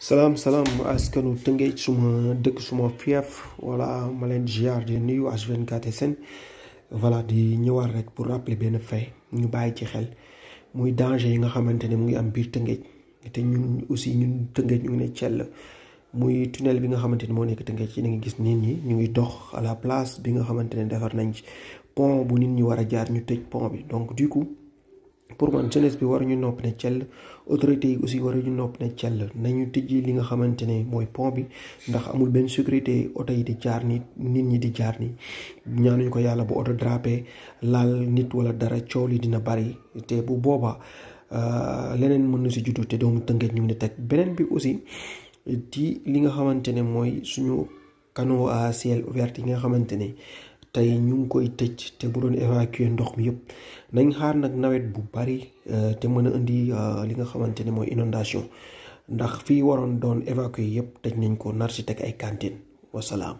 Salam Salam askanu tëngéej suma dëkk suma fief voilà ma leen de di H24 SN voilà di ñëwaat rek pour rappeler bien fait ñu ci xel muy danger yi nga muy am aussi ñun tëngéej ñu ne muy tunnel bi nga ne nek dox à la place bi nga sommes ne nañ ci pont bu nit ñi jaar ñu pont donc du coup pour man jeunesse bi war ñu nopp ne cell autorités yi aussi war ñu nopp ne cell nañu tijji li nga xamante ne mooy pont bi ndax amul benn sécurité oto yi di jaar ni nit ñi di jaar ni ñaanuñ ko yàlla bu oto drapé laal nit wala dara coow li dina bari te bu boobaa euh, leneen mën na si juddu te doomu tëngeej ñu ngi teg beneen bi aussi ci li nga xamante ne mooy suñu canaux à ciel ouvert yi nga xamante ne tey ñu ngi koy tëj te bu doon évacuer ndox mi yëpp nañ xaar nag nawet bu bari euh, te mën a indi euh, li nga xamante ni mooy inondation ndax fii waroon doon évacuer yëpp tëj nañ ko nar si teg ay cantine wasalaam